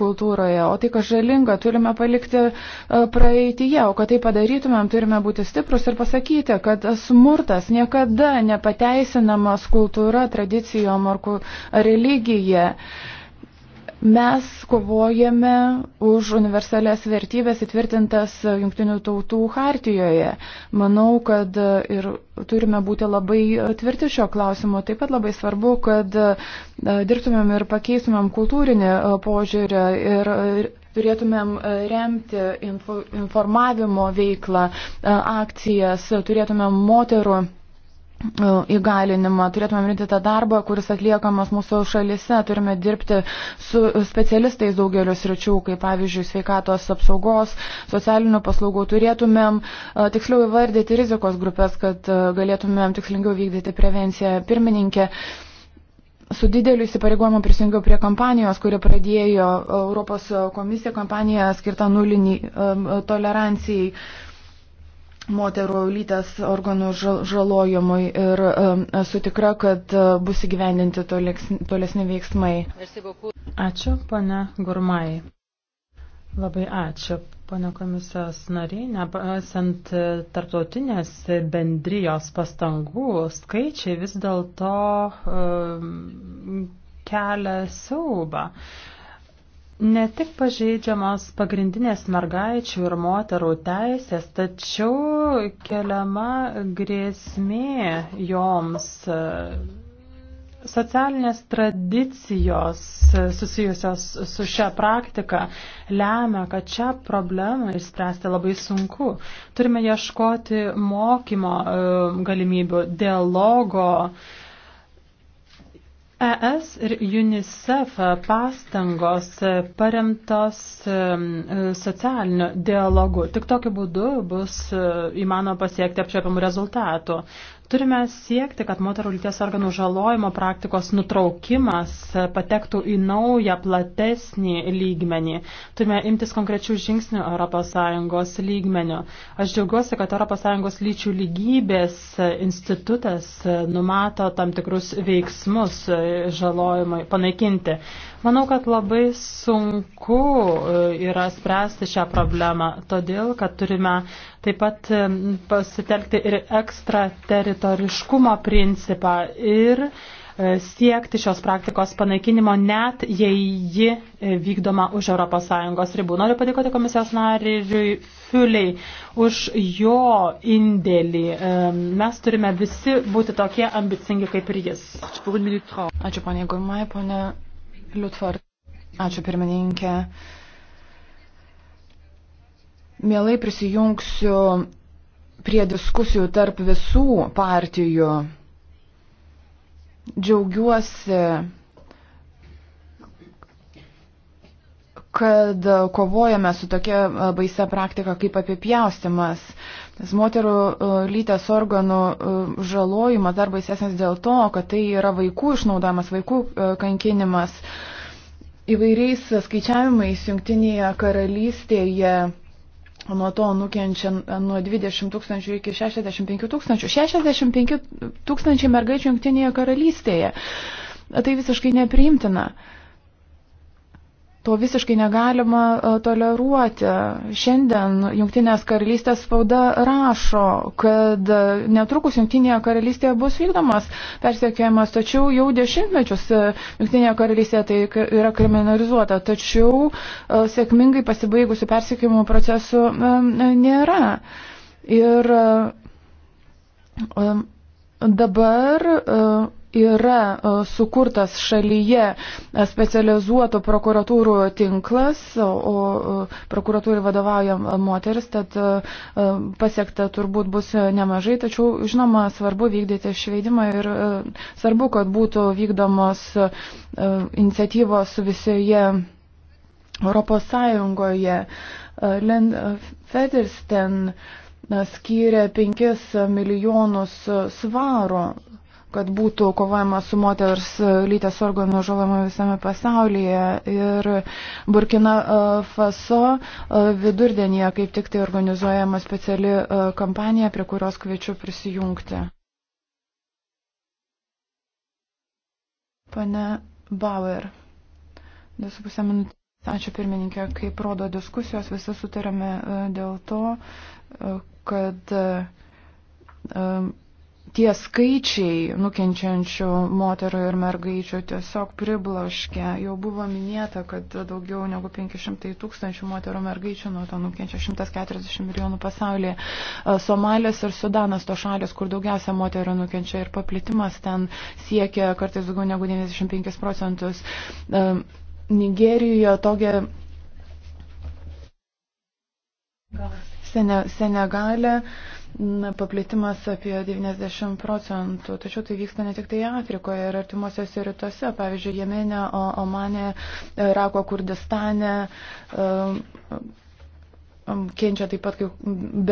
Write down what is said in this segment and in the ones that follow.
kultūroje, o tai, kas žalinga, turime palikti e, praeitįje, o kad tai padarytumėm, turime būti stiprus ir pasakyti, kad smurtas niekada nepateisinamas kultūra, tradicijom ar religija. Mes kovojame už universalias vertybės įtvirtintas Junktinių tautų hartijoje. Manau, kad ir turime būti labai tvirti šio klausimo. Taip pat labai svarbu, kad e, dirbtumėm ir pakeistumėm kultūrinį e, požiūrį ir e, turėtumėm remti info, informavimo veiklą, akcijas, turėtumėm moterų E, įgalinimą, turėtume rimti tą darbą, kuris atliekamas mūsų šalise, turime dirbti su specialistais daugeliu sričių, kaip pavyzdžiui sveikatos apsaugos, socialinių paslaugų, turėtumėm e, tiksliau įvardyti rizikos grupės, kad e, galėtumėm tikslingiau vykdyti prevenciją. Pirmininkė, su dideliu įsipareigojimu prisijungiau prie kampanijos, kurią pradėjo Europos komisija, kampanija skirta nuliniai tolerancijai moterų lytės organų žalojimui ir esu tikra, kad e, bus įgyvendinti tolesni veiksmai. Ačiū, pane Gurmai. Labai ačiū, pane komisijos nariai. Nepasant e, tarptautinės bendrijos pastangų, skaičiai vis dėlto um, kelia siaubą. Uh, Ne tik pažeidžiamos pagrindinės mergaičių ir moterų teisės, tačiau keliama grėsmė joms e, Socialinės tradicijos susijusios su šia praktika lemia, kad šią problemą išspręsti labai sunku. Turime ieškoti mokymo e, galimybių, dialogo, ES ir UNICEF pastangos paremtos socialiniu dialogu. Tik tokiu būdu bus įmanoma pasiekti apčiopiamų rezultatų. Turime siekti, kad moterų lyties organų žalojimo praktikos nutraukimas patektų į naują platesnį lygmenį. Turime imtis konkrečių žingsnių ES lygmenio. Aš džiaugiuosi, kad ES lyčių lygybės institutas numato tam tikrus veiksmus žalojimui panaikinti. Manau, kad labai sunku e, yra spręsti šią problemą, todėl, kad turime taip pat e, pasitelkti ir ekstrateritoriškumo principą ir e, siekti šios praktikos panaikinimo, net jei ji vykdoma už ES ribų. Noriu padėkoti komisijos nariui Fiuliai už jo indėlį. Mes turime visi būti tokie ambicingi kaip ir jis. Ačiū, ponė Gurmai, ponė Liutford. Ačiū pirmininkė. Mielai prisijungsiu prie diskusijų tarp visų partijų. Džiaugiuosi kad kovojame su tokia baise praktika kaip apipjaustimas. Tas moterų lytės organų žalojimas dar baisesnis dėl to, kad tai yra vaikų išnaudojimas, vaikų kankinimas. Įvairiais skaičiavimais Junktinėje karalystėje nuo to nukenčia nuo 20 tūkstančių iki 65 tūkstančių. 65 tūkstančiai mergaičių Junktinėje karalystėje. Tai visiškai nepriimtina. Uh, To visiškai negalima e, toleruoti. Šiandien Junktinės karalystės spauda rašo, kad netrukus Junktinėje karalystėje bus vykdomas persiekėjimas, tačiau jau dešimtmečius e, Junktinėje karalystėje tai yra kriminalizuota, tačiau e, sėkmingai pasibaigusių persiekėjimų procesų nėra. Ir Dabar e, yra e, sukurtas šalyje e, specializuotų prokuratūrų tinklas, o prokuratūrai vadovauja moteris, tad pasiekta turbūt bus nemažai, tačiau žinoma svarbu vykdyti šveidimą ir svarbu, kad būtų vykdomos iniciatyvos visoje Europos Sąjungoje. Len Federsten uh, skyrė 5 milijonus svarų kad būtų kovojama su moters lytės organų žalama visame pasaulyje. Ir Burkina e, Faso e, vidurdienyje kaip tik tai organizuojama speciali e, kampanija, prie kurios kviečiu prisijungti. Pane Bauer, 2,5 minutės. Ačiū pirmininkė, kaip rodo diskusijos, visi sutarėme dėl to, kad e, e, tie skaičiai nukenčiančių moterų ir mergaičių tiesiog pribloškia. Jau buvo minėta, kad daugiau negu 500 tūkstančių moterų mergaičių nuo to nukenčia 140 milijonų pasaulyje. E, Somalės ir Sudanas to šalis, kur daugiausia moterų nukenčia ir paplitimas ten siekia kartais daugiau negu 95 procentus. Nigerijoje tokia. Galas. Sene, Senegale paplitimas apie 90 procentų, tačiau tai vyksta ne tik tai Afrikoje ir artimuosiuose rytuose, pavyzdžiui, Jemenė, Omane, Irako, Kurdistane. Um, um, kenčia taip pat kaip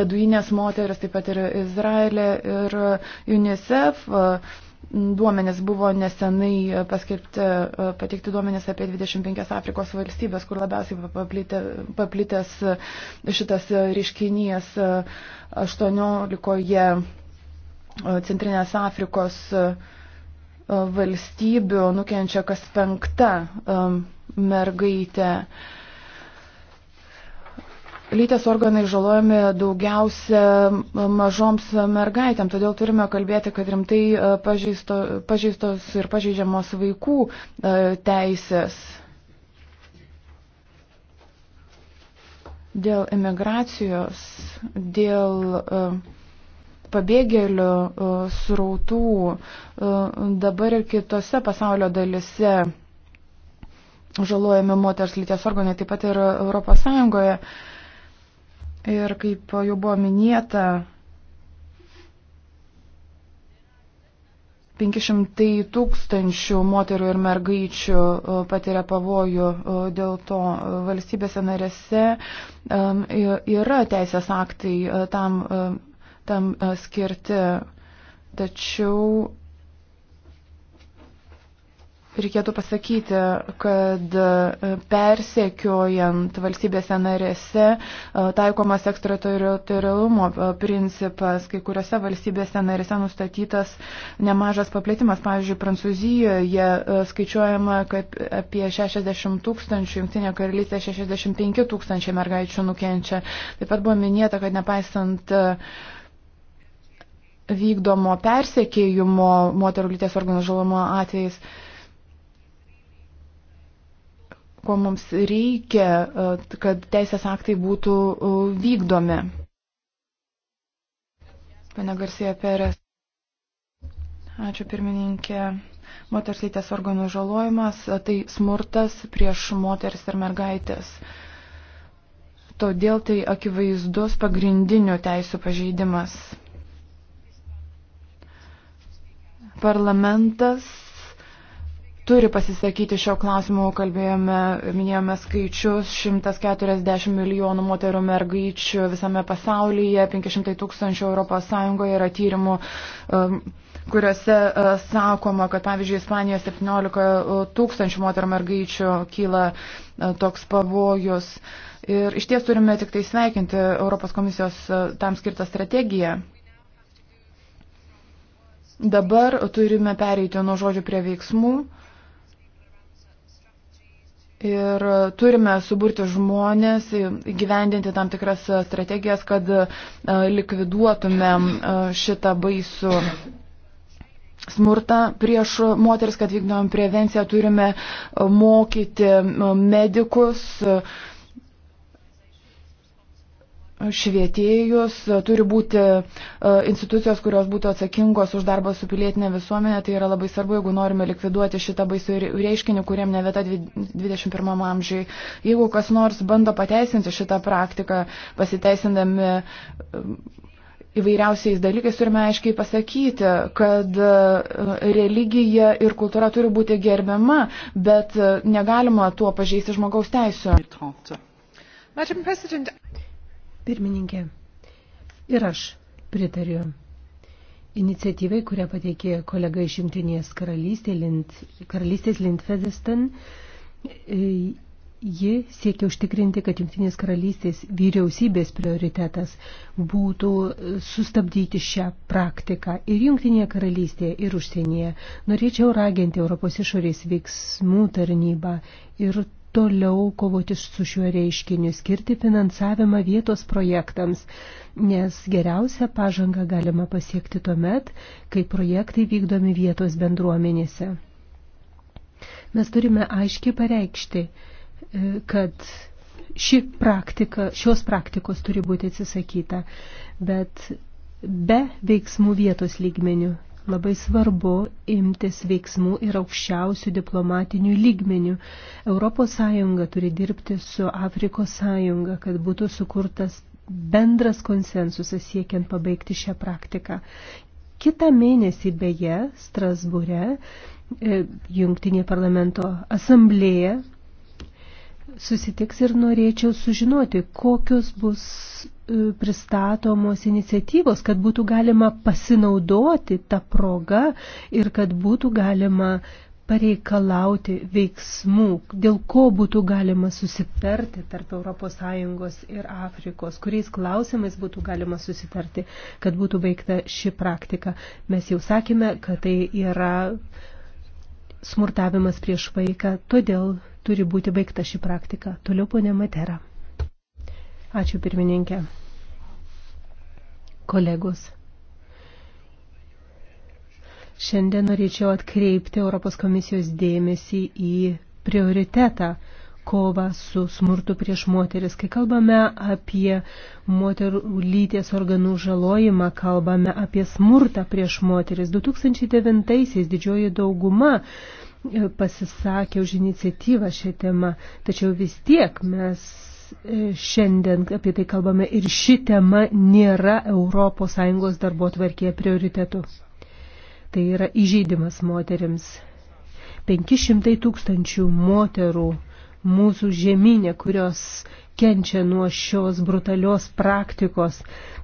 beduinės moteris, taip pat ir Izraelė ir UNICEF. Uh, duomenys buvo nesenai e, paskelbti, e, pateikti duomenys apie 25 Afrikos valstybės, kur labiausiai paplitė, paplitęs e, šitas reiškinys 18 Centrinės Afrikos valstybių nukenčia kas penkta mergaitė. Um, lytės organai žalojami daugiausia mažoms mergaitėm, todėl turime kalbėti, kad rimtai e, pažeisto, pažeistos ir pažeidžiamos vaikų e, teisės. Dėl emigracijos, dėl e, pabėgėlių srautų dabar ir kitose pasaulio dalise žalojami moters lyties organai, taip pat ir Europos Sąjungoje. Uh, Ir kaip jau buvo minėta, 500 tūkstančių moterų ir mergaičių e, patiria pavojų e, dėl to e, valstybėse narėse yra teisės aktai tam, tam skirti, tačiau reikėtų pasakyti, kad e, persekiojant valstybėse narėse e, taikomas ekstrateritorialumo e, principas, kai kuriuose valstybėse narėse nustatytas nemažas paplėtimas. Pavyzdžiui, Prancūzijoje skaičiuojama, kad apie 60 tūkstančių, Junktinė karalystė 65 tūkstančiai mergaičių nukenčia. Taip pat buvo minėta, kad nepaisant vykdomo persekėjimo moterų lyties organų žalomo atvejais, uh, ko mums reikia, e, kad teisės aktai būtų e, vykdomi. Pane Garsija Perės. Ačiū pirmininkė. Moters lytės organų žalojimas e, - tai smurtas prieš moters ir mergaitės. Todėl tai akivaizdus pagrindinių teisų pažeidimas. Parlamentas turi pasisakyti šio klausimu, kalbėjome, minėjome skaičius 140 milijonų moterų mergaičių visame pasaulyje, 500 tūkstančių ES yra tyrimų, um, kuriuose uh, sakoma, kad pavyzdžiui, Ispanijoje 17 uh, tūkstančių moterų mergaičių kyla uh, toks pavojus. Ir iš ties turime tik tai sveikinti Europos komisijos tam skirtą strategiją. Dabar turime pereiti nuo žodžių prie veiksmų. Ir turime suburti žmonės, gyvendinti tam tikras strategijas, kad e, likviduotumėm e, šitą baisų smurtą prieš moteris, kad vykdom prevenciją, turime e, mokyti medikus, švietėjus, turi būti e, institucijos, kurios būtų atsakingos už darbą su pilietinė visuomenė. Tai yra labai svarbu, jeigu norime likviduoti šitą baisų reiškinį, kuriam ne vieta 21 amžiai. Jeigu kas nors bando pateisinti šitą praktiką, pasiteisindami e, įvairiausiais dalykais turime aiškiai pasakyti, kad e, religija ir kultūra turi būti gerbiama, bet negalima tuo pažeisti žmogaus teisų. Pirmininkė, ir aš pritariu iniciatyvai, kurią pateikė kolega iš Jungtinės karalystės, Lind, karalystės Lindfedestan. Ji siekia užtikrinti, kad Jungtinės karalystės vyriausybės prioritetas būtų sustabdyti šią praktiką ir Jungtinėje karalystėje, ir užsienyje. Norėčiau raginti Europos išorės veiksmų tarnybą ir toliau kovoti su šiuo reiškiniu, skirti finansavimą vietos projektams, nes geriausią pažangą galima pasiekti tuomet, kai projektai vykdomi vietos bendruomenėse. Mes turime aiškiai pareikšti, e, kad ši praktika, šios praktikos turi būti atsisakyta, bet be veiksmų vietos lygmenių labai svarbu imtis veiksmų ir aukščiausių diplomatinių lygmenių. ES turi dirbti su Afrikos sąjunga, kad būtų sukurtas bendras konsensusas siekiant pabaigti šią praktiką. Kita mėnesį beje Strasbūre e, Jungtinė parlamento asamblėje susitiks ir norėčiau sužinoti, kokios bus e, pristatomos iniciatyvos, kad būtų galima pasinaudoti tą progą ir kad būtų galima pareikalauti veiksmų, dėl ko būtų galima susitarti tarp ES ir Afrikos, kuriais klausimais būtų galima susitarti, kad būtų baigta ši praktika. Mes jau sakėme, kad tai yra smurtavimas prieš vaiką, todėl turi būti baigta ši praktika. Toliau ponė Matera. Ačiū pirmininkė. Kolegos. Šiandien norėčiau atkreipti Europos komisijos dėmesį į prioritetą kovą su smurtu prieš moteris. Kai kalbame apie moterų lyties organų žalojimą, kalbame apie smurtą prieš moteris. 2009-aisiais didžioji dauguma pasisakė už iniciatyvą šią temą, tačiau vis tiek mes e, šiandien apie tai kalbame ir ši tema nėra ES darbo tvarkėje prioritetų. Tai yra įžeidimas moteriams. 500 tūkstančių moterų mūsų žemynė, kurios kenčia nuo šios brutalios praktikos.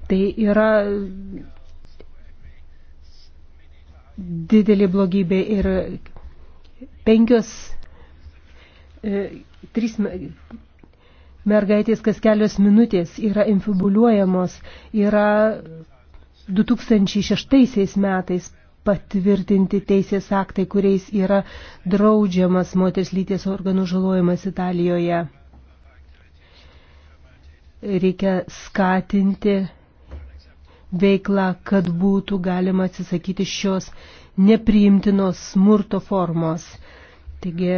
Tai yra didelė blogybė ir penkios, e, trys mergaitės kas kelios minutės yra infibuliuojamos, yra 2006 metais patvirtinti teisės aktai, kuriais yra draudžiamas moters lyties organų žalojimas Italijoje. Reikia skatinti veiklą, kad būtų galima atsisakyti šios nepriimtinos smurto formos. Taigi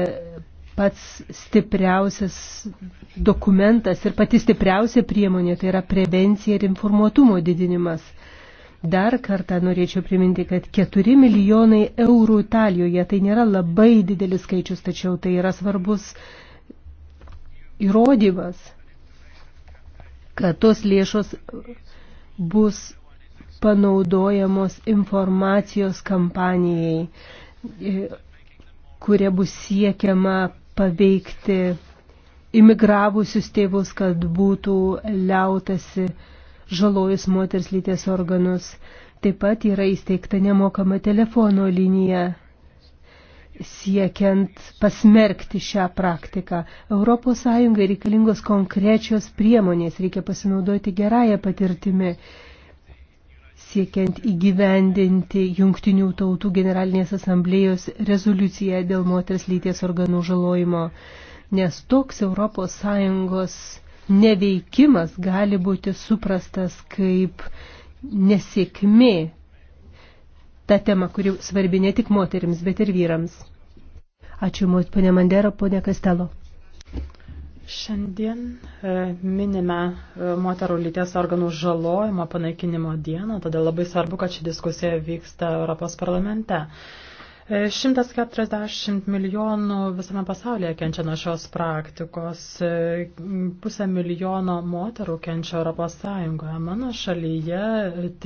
pats stipriausias dokumentas ir pati stipriausia priemonė tai yra prevencija ir informuotumo didinimas. Dar kartą norėčiau priminti, kad 4 milijonai eurų Italijoje tai nėra labai didelis skaičius, tačiau tai yra svarbus įrodymas, kad tos lėšos bus panaudojamos informacijos kampanijai, e, kurie bus siekiama paveikti imigravusius tėvus, kad būtų liautasi žalojus moters lyties organus. Taip pat yra įsteigta nemokama telefono linija siekiant pasmerkti šią praktiką. ES reikalingos konkrečios priemonės, reikia pasinaudoti gerąją patirtimį siekiant įgyvendinti Jungtinių tautų generalinės asamblėjos rezoliuciją dėl moters lyties organų žalojimo, nes toks ES neveikimas gali būti suprastas kaip nesėkmė. Ta tema, kuri svarbi ne tik moterims, bet ir vyrams. Ačiū, ponė Mandera, ponė Kastelo. Šiandien e, minime e, moterų lyties organų žalojimo panaikinimo dieną, todėl labai svarbu, kad ši diskusija vyksta Europos parlamente. 140 e, milijonų visame pasaulyje kenčia nuo šios praktikos, pusę milijono moterų kenčia Europos Sąjungoje. Mano šalyje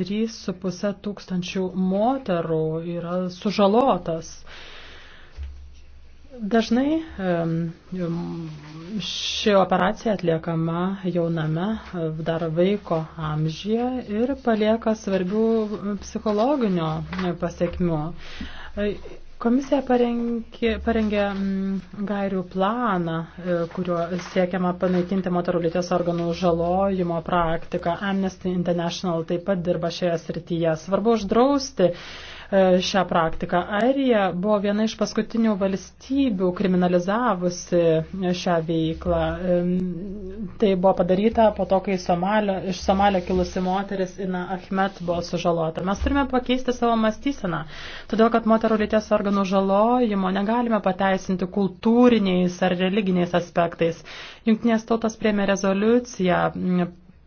3,5 tūkstančių moterų yra sužalotas. Dažnai ši operacija atliekama jauname dar vaiko amžyje ir palieka svarbių psichologinio pasiekmių. E, komisija parengė, parengė gairių planą, e, kuriuo siekiama panaikinti moterų lyties organų žalojimo praktiką. Amnesty International taip pat dirba šioje srityje. Svarbu uždrausti uh, E, šią praktiką. Airija buvo viena iš paskutinių valstybių kriminalizavusi šią veiklą. Tai buvo padaryta po to, kai Somalio, iš Somalio kilusi moteris Ina Ahmet buvo sužalota. Mes turime pakeisti savo mąstyseną, todėl kad moterų lyties organų žalojimo negalime pateisinti kultūriniais ar religiniais aspektais. Junktinės tautos priemė rezoliuciją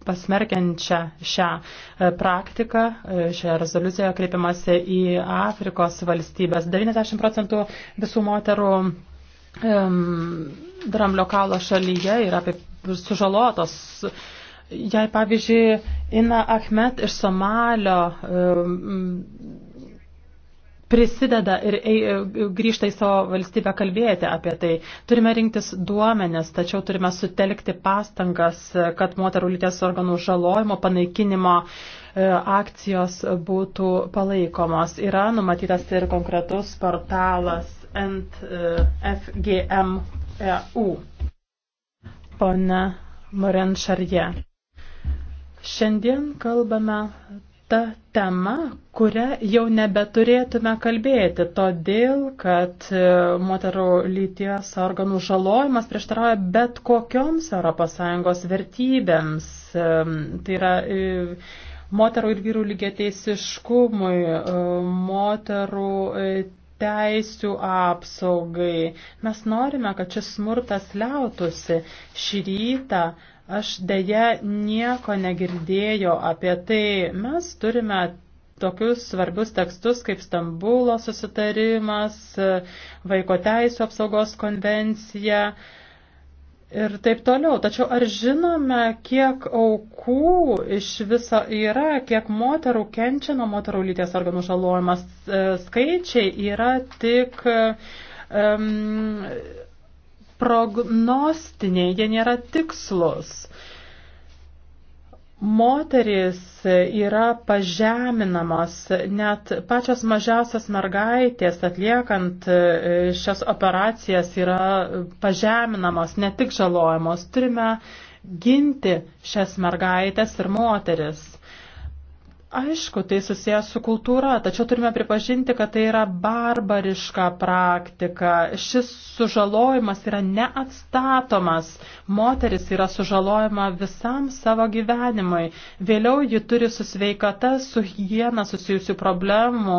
pasmerkiančią šią e, praktiką. E, Šioje rezoliucijoje kreipiamasi į Afrikos valstybės. 90 procentų visų moterų um, Dramblio kalo šalyje yra sužalotos. Jei, pavyzdžiui, Ina Ahmed iš Somalio um, prisideda ir ei, e, grįžta į savo valstybę kalbėti apie tai. Turime rinktis duomenis, tačiau turime sutelkti pastangas, kad moterų lyties organų žalojimo, panaikinimo e, akcijos būtų palaikomos. Yra numatytas ir konkretus portalas NFGM.eu. Pone Moren Šarje. Šiandien kalbame ta tema, kurią jau nebeturėtume kalbėti, todėl kad e, moterų lyties organų žalojimas prieštarauja bet kokioms ES vertybėms. E, tai yra e, moterų ir vyrų lygiateisiškumui, moterų teisių apsaugai. Mes norime, kad šis smurtas liautųsi. Šį rytą Aš dėja nieko negirdėjau apie tai. Mes turime tokius svarbius tekstus kaip Stambulo susitarimas, vaiko teisų apsaugos konvencija ir taip toliau. Tačiau ar žinome, kiek aukų iš viso yra, kiek moterų kenčia nuo moterų lyties organų žalojimas? Skaičiai yra tik. Um, prognostiniai, jie nėra tikslus. Moterys yra pažeminamos, net pačios mažiausias mergaitės atliekant e, šias operacijas yra pažeminamos, ne tik žalojamos. Turime ginti šias mergaitės ir moteris. Aišku, tai susijęs su kultūra, tačiau turime pripažinti, kad tai yra barbariška praktika. Šis sužalojimas yra neatstatomas. Moteris yra sužalojama visam savo gyvenimui. Vėliau ji turi su sveikata, su higiena susijusių problemų,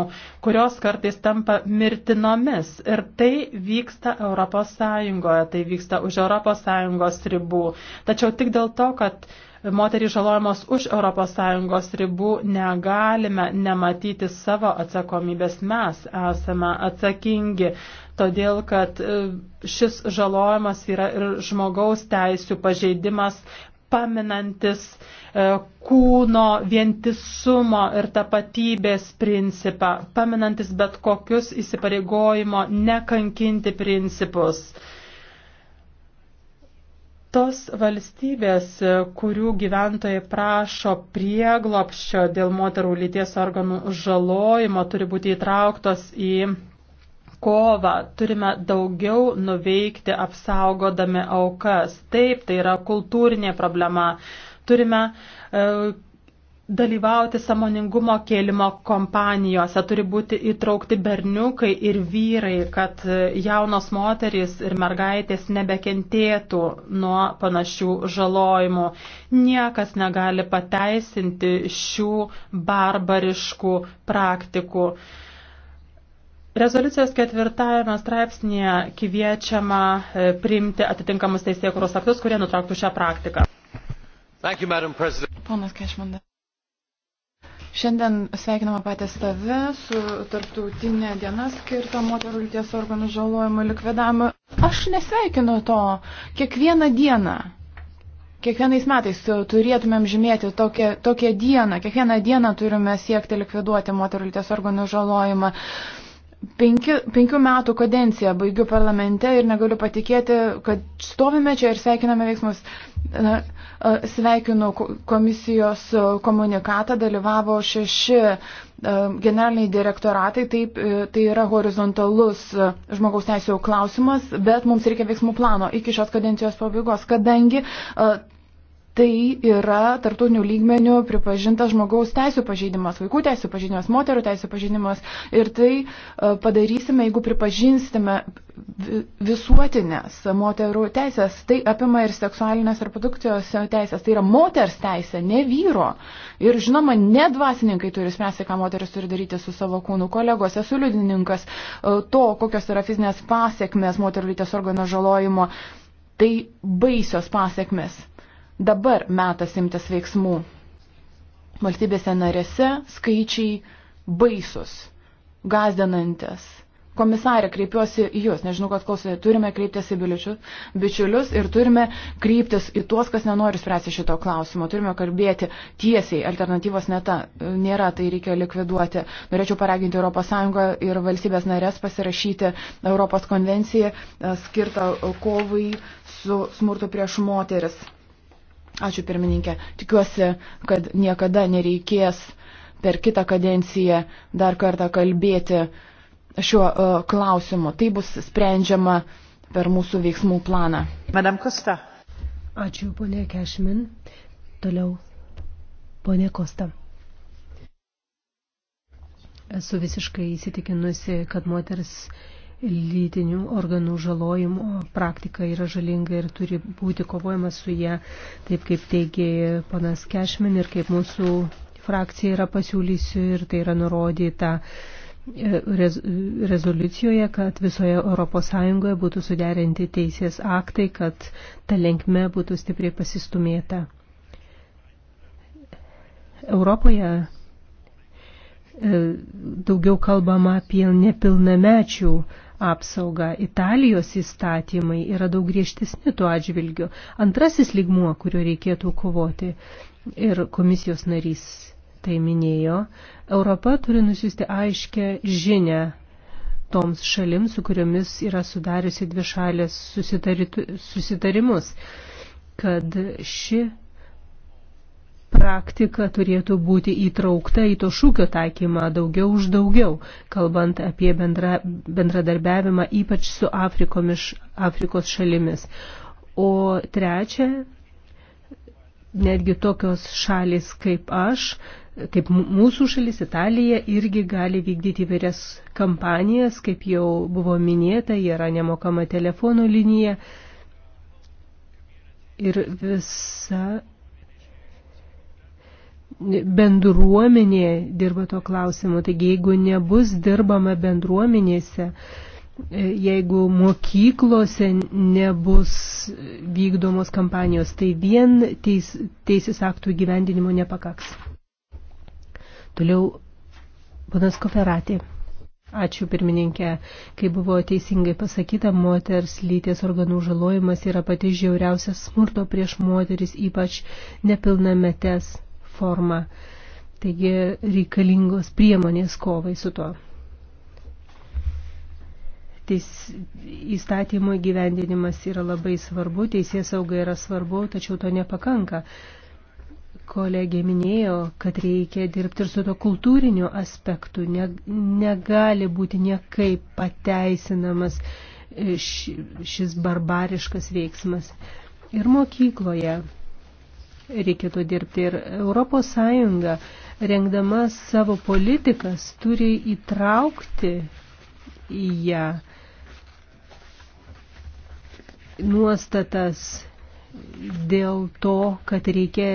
kurios kartais tampa mirtinomis. Ir tai vyksta ES, tai vyksta už ES ribų. Tačiau tik dėl to, kad moterys žalojamos už ES ribų, negalime nematyti savo atsakomybės. Mes esame atsakingi, todėl kad e, šis žalojimas yra ir žmogaus teisų pažeidimas, paminantis e, kūno vientisumo ir tapatybės principą, paminantis bet kokius įsipareigojimo nekankinti principus tos valstybės, kurių gyventojai prašo prieglopščio dėl moterų lyties organų žalojimo, turi būti įtrauktos į kovą. Turime daugiau nuveikti apsaugodami aukas. Taip, tai yra kultūrinė problema. Turime e, dalyvauti samoningumo kėlimo kompanijose, turi būti įtraukti berniukai ir vyrai, kad jaunos moterys ir mergaitės nebekentėtų nuo panašių žalojimų. Niekas negali pateisinti šių barbariškų praktikų. Rezoliucijos ketvirtajame straipsnėje kviečiama e, priimti atitinkamus teisėkuros aktus, kurie nutrauktų šią praktiką. You, Ponas Kešmandas. Šiandien sveikiname patys save su tarptautinė diena skirta moterų lyties organų žalojimo likvidavimo. Aš nesveikinu to kiekvieną dieną. Kiekvienais metais turėtumėm žymėti tokią, tokią dieną. Kiekvieną dieną turime siekti likviduoti moterų lyties organų žalojimą. Penki, penkių metų kadenciją baigiu parlamente ir negaliu patikėti, kad stovime čia ir sveikiname veiksmus. Na, Sveikinu komisijos komunikatą, dalyvavo šeši generaliniai direktoratai, taip, e, tai yra horizontalus žmogaus teisėjų klausimas, bet mums reikia veiksmų plano iki šios kadencijos pabaigos, kadangi tai yra tartutinių lygmenių pripažintas žmogaus teisų pažeidimas, vaikų teisų pažeidimas, moterų teisų pažeidimas. Ir tai e, padarysime, jeigu pripažinsime visuotinės moterų teisės. Tai apima ir seksualinės reprodukcijos teisės. Tai yra moters teisė, ne vyro. Ir žinoma, ne dvasininkai turi spręsti, ką moteris turi daryti su savo kūnu. Kolegos, esu liudininkas e, to, kokios yra fizinės pasiekmes moterų lyties organo žalojimo. Tai baisios pasiekmes. Dabar metas imtis veiksmų. Valstybėse narėse skaičiai baisus, gazdinantis. Komisarė, kreipiuosi į Jūs, nežinau, kad klausėte, turime kreiptis į biličius, bičiulius ir turime kreiptis į tuos, kas nenori spręsti šito klausimo. Turime kalbėti tiesiai, alternatyvos neta, nėra, tai reikia likviduoti. Norėčiau paraginti ES ir valstybės narės pasirašyti Europos konvenciją e, skirtą kovai su smurtu prieš moteris. Ačiū pirmininkė. Tikiuosi, kad niekada nereikės per kitą kadenciją dar kartą kalbėti šiuo uh, klausimu. Tai bus sprendžiama per mūsų veiksmų planą. Madam Kosta. Ačiū, ponė Kešmin. Toliau, ponė Kosta. Esu visiškai įsitikinusi, kad moters lytinių organų žalojimo praktika yra žalinga ir turi būti kovojama su ją, taip kaip teigė panas Kešmin ir kaip mūsų frakcija yra pasiūlysiu ir tai yra nurodyta e, rezoliucijoje, kad visoje ES būtų suderinti teisės aktai, kad ta linkme būtų stipriai pasistumėta. Europoje e, daugiau kalbama apie nepilnamečių apsaugą. Italijos įstatymai yra daug griežtesni tuo atžvilgiu. Antrasis lygmuo, kuriuo reikėtų kovoti, ir komisijos narys tai minėjo, Europa turi nusiųsti aiškę žinę toms šalims, su kuriomis yra sudariusi dvišalės susitarimus, kad ši praktika turėtų būti įtraukta į to šūkio taikymą daugiau už daugiau, kalbant apie bendra, bendradarbiavimą ypač su Afrikomis, Afrikos šalimis. O trečia, netgi tokios šalis kaip aš, kaip mūsų šalis Italija, irgi gali vykdyti įvairias kampanijas, kaip jau buvo minėta, yra nemokama telefono linija. Ir visa bendruomenė dirba to klausimu. Taigi, jeigu nebus dirbama bendruomenėse, e, jeigu mokyklose nebus vykdomos kampanijos, tai vien teis, teisės aktų gyvendinimo nepakaks. Toliau, panas Koferatė. Ačiū pirmininkė. Kai buvo teisingai pasakyta, moters lyties organų žalojimas yra pati žiauriausias smurto prieš moteris, ypač nepilnametes forma. Taigi reikalingos priemonės kovai su tuo. Teis, įstatymo įgyvendinimas yra labai svarbu, teisės sauga yra svarbu, tačiau to nepakanka. Kolegė minėjo, kad reikia dirbti ir su to kultūriniu aspektu. Ne, negali būti niekaip pateisinamas e, šis barbariškas veiksmas. Ir mokykloje reikėtų dirbti. Ir Europos Sąjunga, rengdama savo politikas, turi įtraukti į ją nuostatas dėl to, kad reikia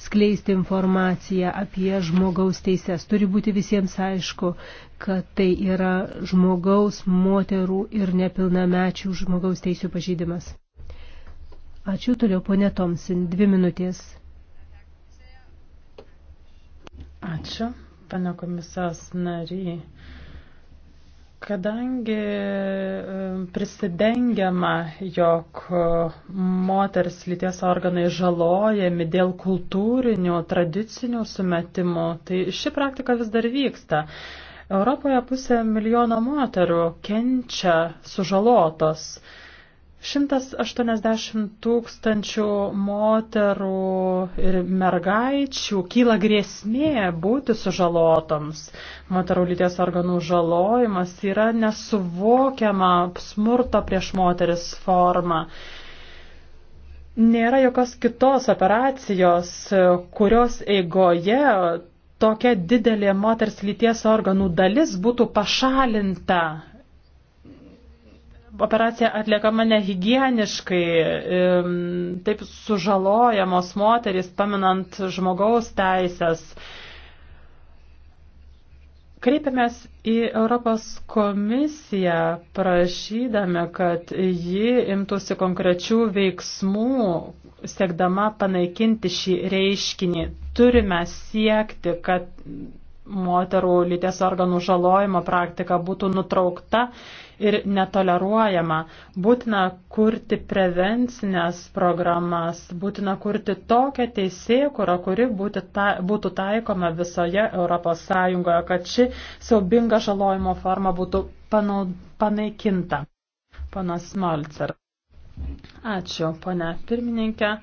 skleisti informaciją apie žmogaus teises. Turi būti visiems aišku, kad tai yra žmogaus, moterų ir nepilnamečių žmogaus teisų pažydimas. Ačiū toliau, ponė Tomsin, dvi minutės. Ačiū, pane komisijos nariai. Kadangi e, prisidengiama, jog moters lyties organai žalojami dėl kultūrinių, tradicinių sumetimų, tai ši praktika vis dar vyksta. Europoje pusė milijono moterų kenčia sužalotos. 180 tūkstančių moterų ir mergaičių kyla grėsmė būti sužalotoms. Moterų lyties organų žalojimas yra nesuvokiama smurto prieš moteris forma. Nėra jokios kitos operacijos, kurios eigoje tokia didelė moters lyties organų dalis būtų pašalinta operacija atliekama nehigieniškai, taip sužalojamos moterys, paminant žmogaus teisės. Kreipiamės į Europos komisiją prašydami, kad ji imtųsi konkrečių veiksmų, siekdama panaikinti šį reiškinį. Turime siekti, kad moterų lyties organų žalojimo praktika būtų nutraukta ir netoleruojama. Būtina kurti prevencinės programas, būtina kurti tokią teisėkurą, kuri būti ta, būtų taikoma visoje ES, kad ši siaubinga žalojimo forma būtų panaud, panaikinta. Panas Malcer. Ačiū, ponia pirmininkė.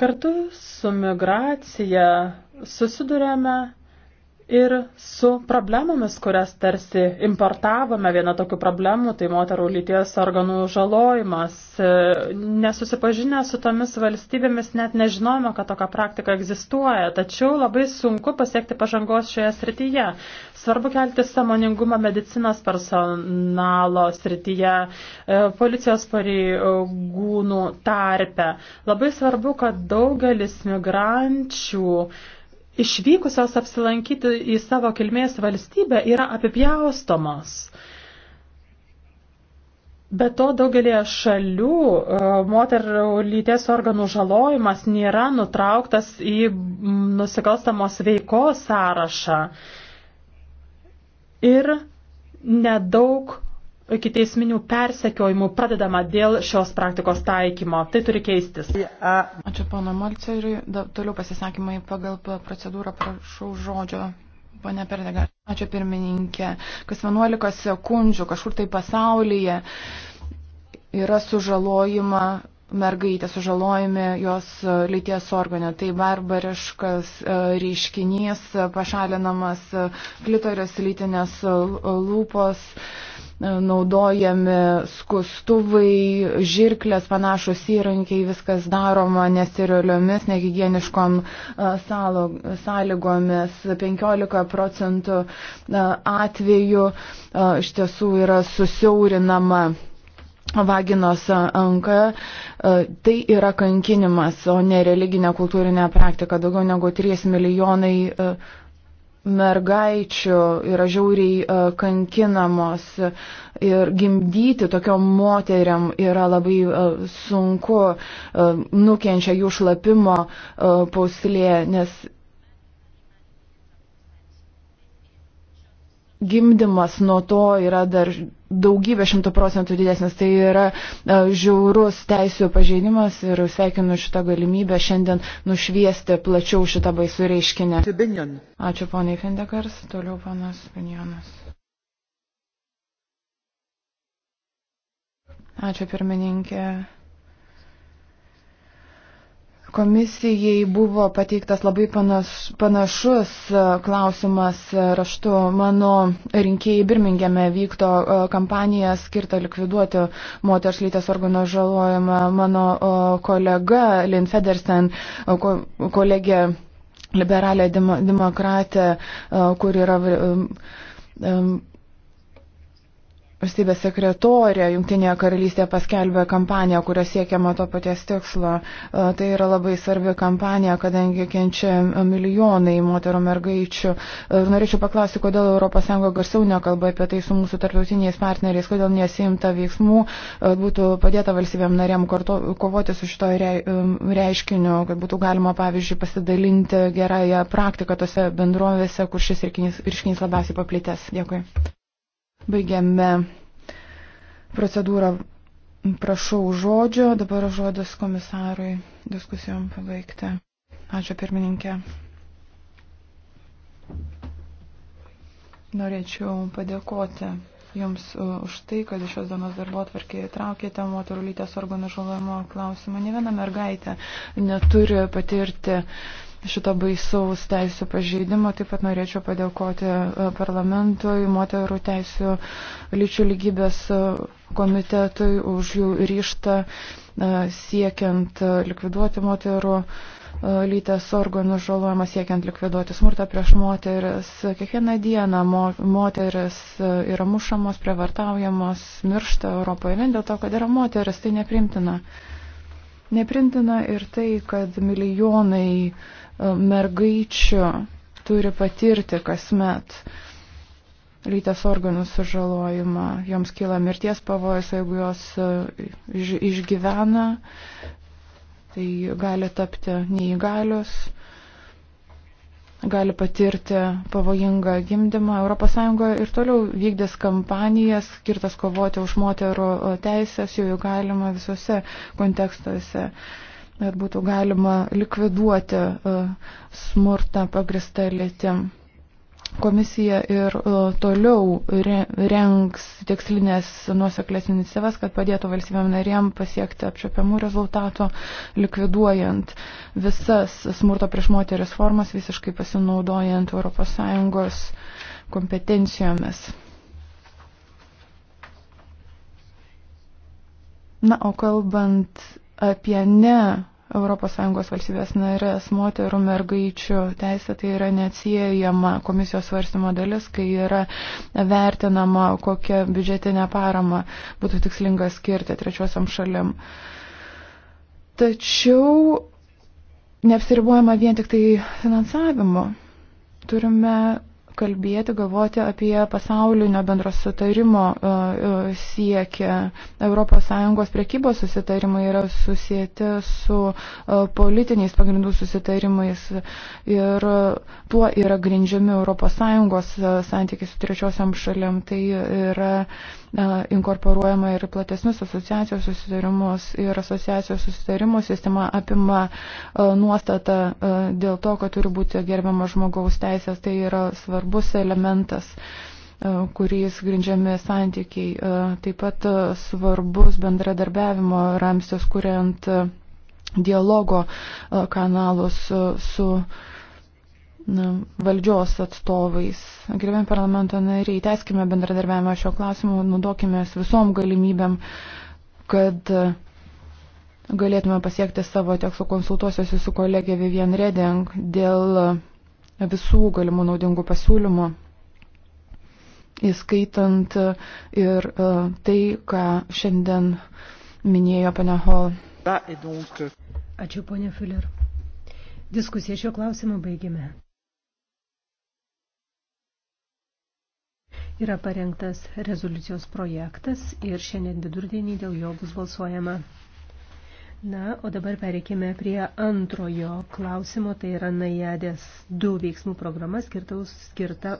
Kartu su migracija susidurėme ir su problemomis, kurias tarsi importavome. Viena tokių problemų tai moterų lyties organų žalojimas. E, nesusipažinę su tomis valstybėmis net nežinojome, kad tokia praktika egzistuoja, tačiau labai sunku pasiekti pažangos šioje srityje. Svarbu kelti samoningumą medicinos personalo srityje, e, policijos pareigūnų tarpe. Labai svarbu, kad daugelis migrančių išvykusios apsilankyti į savo kilmės valstybę yra apipjaustomos. Be to daugelėje šalių e, moterų lyties organų žalojimas nėra nutrauktas į nusikalstamos veikos sąrašą. Ir nedaug iki teisminių persekiojimų pradedama dėl šios praktikos taikymo. Tai turi keistis. Ačiū pono Malceriui. Toliau pasisakymai pagal procedūrą prašau žodžio. Pane Perdega, ačiū pirmininkė. Kas 11 sekundžių kažkur tai pasaulyje yra sužalojama mergaitė, sužalojami jos lyties organė. Tai barbariškas e, reiškinys, pašalinamas e, klitoris, lytinės e, lūpos. Uh, naudojami skustuvai, žirklės, panašus įrankiai, viskas daroma nesterioliomis, nehygieniškom sąlygomis. 15 procentų atvejų iš tiesų yra susiaurinama vaginos anka, tai yra kankinimas, o ne religinė kultūrinė praktika. Daugiau negu 3 milijonai mergaičių yra žiauriai e, kankinamos ir gimdyti tokiom moteriam yra labai e, sunku, e, nukenčia jų šlapimo puslė, nes gimdymas nuo to yra dar daugybė šimtų procentų didesnis. Tai yra e, žiaurus teisų pažeidimas ir sveikinu šitą galimybę šiandien nušviesti plačiau šitą baisų reiškinį. Ačiū poniai Fendekars, toliau panas Pinjonas. Ačiū pirmininkė. Komisijai buvo pateiktas labai panaš, panašus e, klausimas e, raštu. Mano rinkėjai Birmingeme vykdo e, kampaniją skirtą likviduoti moters lytės organo žalojimą. Mano kolega Lin Federsen, kolegė liberalė demokratė, kur yra Valstybės sekretorė Junktinėje karalystėje paskelbė kampaniją, kurio siekiama to paties tikslo. E, tai yra labai svarbi kampanija, kadangi kenčia milijonai moterų mergaičių. E, norėčiau paklausti, kodėl ES garsiau nekalba apie tai su mūsų tarptautiniais partneriais, kodėl nesimta veiksmų, e, būtų padėta valstybėm narėm kartu, kovoti su šito reiškiniu, kad būtų galima, pavyzdžiui, pasidalinti gerąją praktiką tose bendrovėse, kur šis reiškinys labiausiai paplitęs. Dėkui. Baigiame procedūrą. Prašau žodžio, dabar žodis komisarui diskusijom pabaigti. Ačiū pirmininkė. Norėčiau padėkoti Jums už tai, kad iš šios dienos darbo atvarkį traukėte moterų lytės organų žalojimo klausimą. Ne viena mergaitė neturi patirti šito baisaus teisų pažeidimo. Taip pat norėčiau padėkoti e, parlamentui, moterų teisų lyčių lygybės e, komitetui už jų ryštą e, siekiant likviduoti moterų lytės organų žalojimą siekiant likviduoti smurtą prieš moteris. Kiekvieną dieną mo moteris yra mušamos, prievartaujamos, miršta Europoje vien dėl to, kad yra moteris, tai neprimtina. Neprimtina ir tai, kad milijonai mergaičių turi patirti kasmet lytės organų sužalojimą, joms kyla mirties pavojus, jeigu jos e, išgyvena, tai gali tapti neįgalius, gali patirti pavojingą gimdymą. ES ir toliau vykdys kampanijas skirtas kovoti už moterų teisės, jų galima visose kontekstuose. Uh, kad būtų galima likviduoti e, smurtą pagristą lėtim. Komisija ir e, toliau rengs tikslinės nuoseklės iniciatyvas, kad padėtų valstybėm narėm pasiekti apčiopiamų rezultatų, likviduojant visas smurto prieš moteris formas, visiškai pasinaudojant ES kompetencijomis. Na, o kalbant apie ne ES valstybės narės moterų mergaičių teisė tai yra neatsiejama komisijos svarstymo dalis, kai yra vertinama, kokią biudžetinę paramą būtų tikslinga skirti trečiosiam šalim. Tačiau neapsiribuojama vien tik tai finansavimu. Turime kalbėti, galvoti apie pasaulinio bendro sutarimo e, e, siekį. ES priekybos susitarimai yra susijęti su e, politiniais pagrindų susitarimais ir tuo yra grindžiami ES santykiai su trečiosiam šalim. Tai yra E, inkorporuojama ir platesnius asociacijos susitarimus ir asociacijos susitarimų sistema apima e, nuostatą e, dėl to, kad turi būti gerbiama žmogaus teisės. Tai yra svarbus elementas kuriais grindžiami santykiai. Taip pat svarbus bendradarbiavimo ramstis, kuriant dialogo kanalus su, su valdžios atstovais, gerbėm parlamento nariai, teskime bendradarbiavimą šio klausimu, naudokime visom galimybėm, kad galėtume pasiekti savo teksto konsultuosiuosi su kolegė Vivian Reding dėl visų galimų naudingų pasiūlymų, įskaitant ir e, tai, ką šiandien minėjo pane Hall. Ačiū, ponė Fuller. Diskusiją šio klausimu baigėme. Yra parengtas rezoliucijos projektas ir šiandien vidurdienį dėl jo bus balsuojama. Na, o dabar pereikime prie antrojo klausimo, tai yra Najadės du veiksmų programa skirta